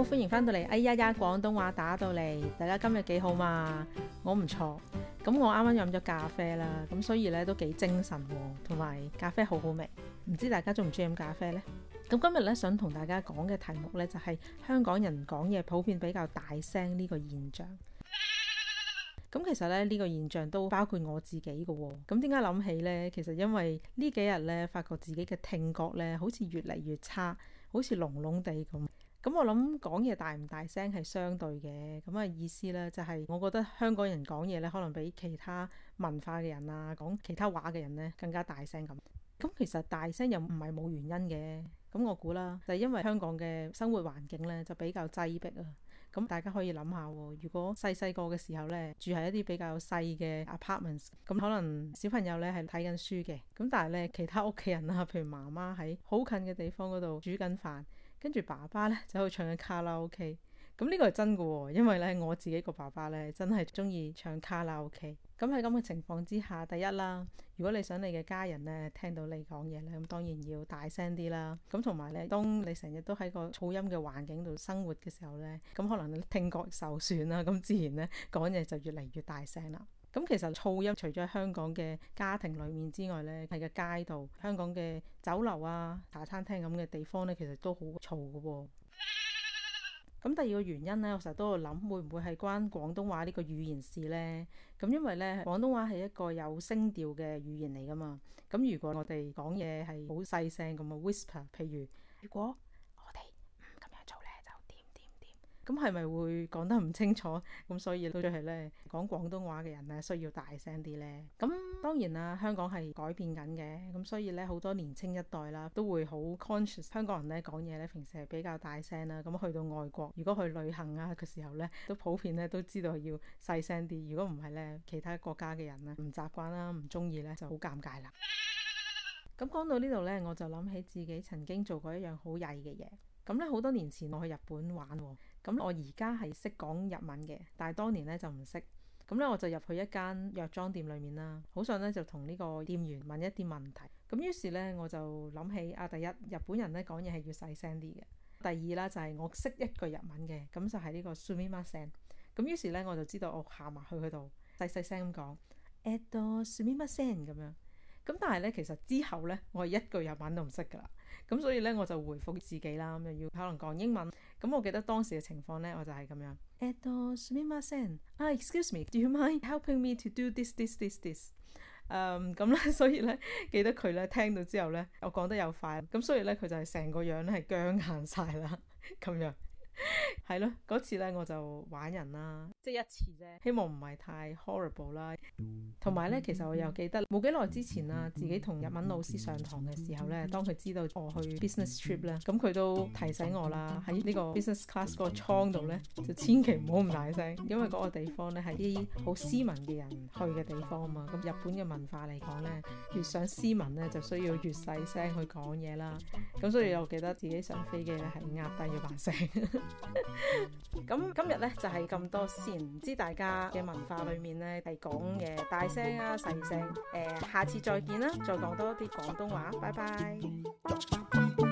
好歡迎翻到嚟！哎呀呀，廣東話打到嚟，大家今日幾好嘛？我唔錯，咁我啱啱飲咗咖啡啦，咁所以呢，都幾精神，同埋咖啡好好味。唔知大家中唔中意飲咖啡呢？咁今日呢，想同大家講嘅題目呢，就係香港人講嘢普遍比較大聲呢個現象。咁其實咧呢個現象都包括我自己噶喎。咁點解諗起呢？其實因為呢幾日呢，發覺自己嘅聽覺呢，好似越嚟越差，好似聾聾地咁。咁、嗯、我諗講嘢大唔大聲係相對嘅，咁、嗯、嘅意思呢，就係、是，我覺得香港人講嘢呢，可能比其他文化嘅人啊，講其他話嘅人呢，更加大聲咁。咁、嗯、其實大聲又唔係冇原因嘅，咁、嗯、我估啦，就是、因為香港嘅生活環境呢，就比較擠迫啊。咁、嗯、大家可以諗下、喎，如果細細個嘅時候呢，住喺一啲比較細嘅 apartments，咁可能小朋友呢係睇緊書嘅，咁、嗯、但係呢，其他屋企人啊，譬如媽媽喺好近嘅地方嗰度煮緊飯。跟住爸爸呢，就去唱緊卡拉 OK，咁呢個係真噶哦，因為呢，我自己個爸爸呢，真係中意唱卡拉 OK。咁喺咁嘅情況之下，第一啦，如果你想你嘅家人呢聽到你講嘢呢，咁當然要大聲啲啦。咁同埋呢，當你成日都喺個噪音嘅環境度生活嘅時候呢，咁可能你聽覺受損啦，咁自然呢，講嘢就越嚟越大聲啦。咁其實噪音除咗喺香港嘅家庭裏面之外呢，喺個街道、香港嘅酒樓啊、茶餐廳咁嘅地方呢，其實都好嘈㗎喎。咁 第二個原因呢，我成日都度諗，會唔會係關廣東話呢個語言事呢？咁因為呢，廣東話係一個有聲調嘅語言嚟噶嘛。咁如果我哋講嘢係好細聲咁嘅 whisper，譬如如果。咁係咪會講得唔清楚？咁 所以都係咧，講廣東話嘅人咧需要大聲啲咧。咁當然啦，香港係改變緊嘅。咁所以咧，好多年青一代啦都會好 conscious。香港人咧講嘢咧，平時係比較大聲啦。咁去到外國，如果去旅行啊嘅時候咧，都普遍咧都知道要細聲啲。如果唔係咧，其他國家嘅人咧唔習慣啦、啊，唔中意咧就好尷尬啦。咁講 到呢度咧，我就諗起自己曾經做過一樣好曳嘅嘢。咁咧好多年前我去日本玩喎。咁、嗯、我而家係識講日文嘅，但係當年咧就唔識。咁、嗯、咧我就入去一間藥妝店裏面啦，好想咧就同呢個店員問一啲問題。咁、嗯、於是咧我就諗起啊，第一日本人咧講嘢係要細聲啲嘅，第二啦就係、是、我識一句日文嘅，咁就係呢、這個 sumimasen。咁、嗯、於是咧我就知道我行埋去佢度細細聲咁講 eto sumimasen 咁樣。咁、嗯、但係咧其實之後咧我係一句日文都唔識㗎啦。咁 所以咧，我就回覆自己啦，咁又要可能講英文。咁我記得當時嘅情況咧，我就係咁樣。Atos, excuse me, do you mind helping me to do this, this, this, this？誒咁咧，所以咧，記得佢咧聽到之後咧，我講得又快，咁所以咧，佢就係成個樣咧係僵硬晒啦，咁樣。係咯，嗰 次咧我就玩人就啦，即係一次啫，希望唔係太 horrible 啦。同埋咧，其實我又記得冇幾耐之前啦，自己同日文老師上堂嘅時候咧，當佢知道我去 business trip 咧，咁佢都提醒我啦，喺呢個 business class 個艙度咧，就千祈唔好咁大聲，因為嗰個地方咧係啲好斯文嘅人去嘅地方啊嘛。咁日本嘅文化嚟講咧，越想斯文咧，就需要越細聲去講嘢啦。咁所以又記得自己上飛機咧係壓低咗把聲。 咁 今日咧就係、是、咁多先，唔知大家嘅文化裏面咧係講嘅大聲啊細聲，誒、呃，下次再見啦，再講多啲廣東話，拜拜。